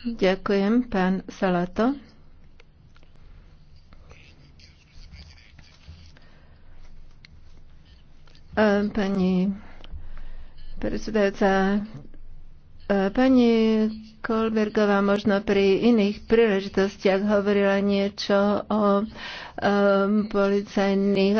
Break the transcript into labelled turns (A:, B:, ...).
A: Ďakujem, pán Salato. Pani predsedajúca, pani Kolbergová možno pri iných príležitostiach hovorila niečo o um, policajných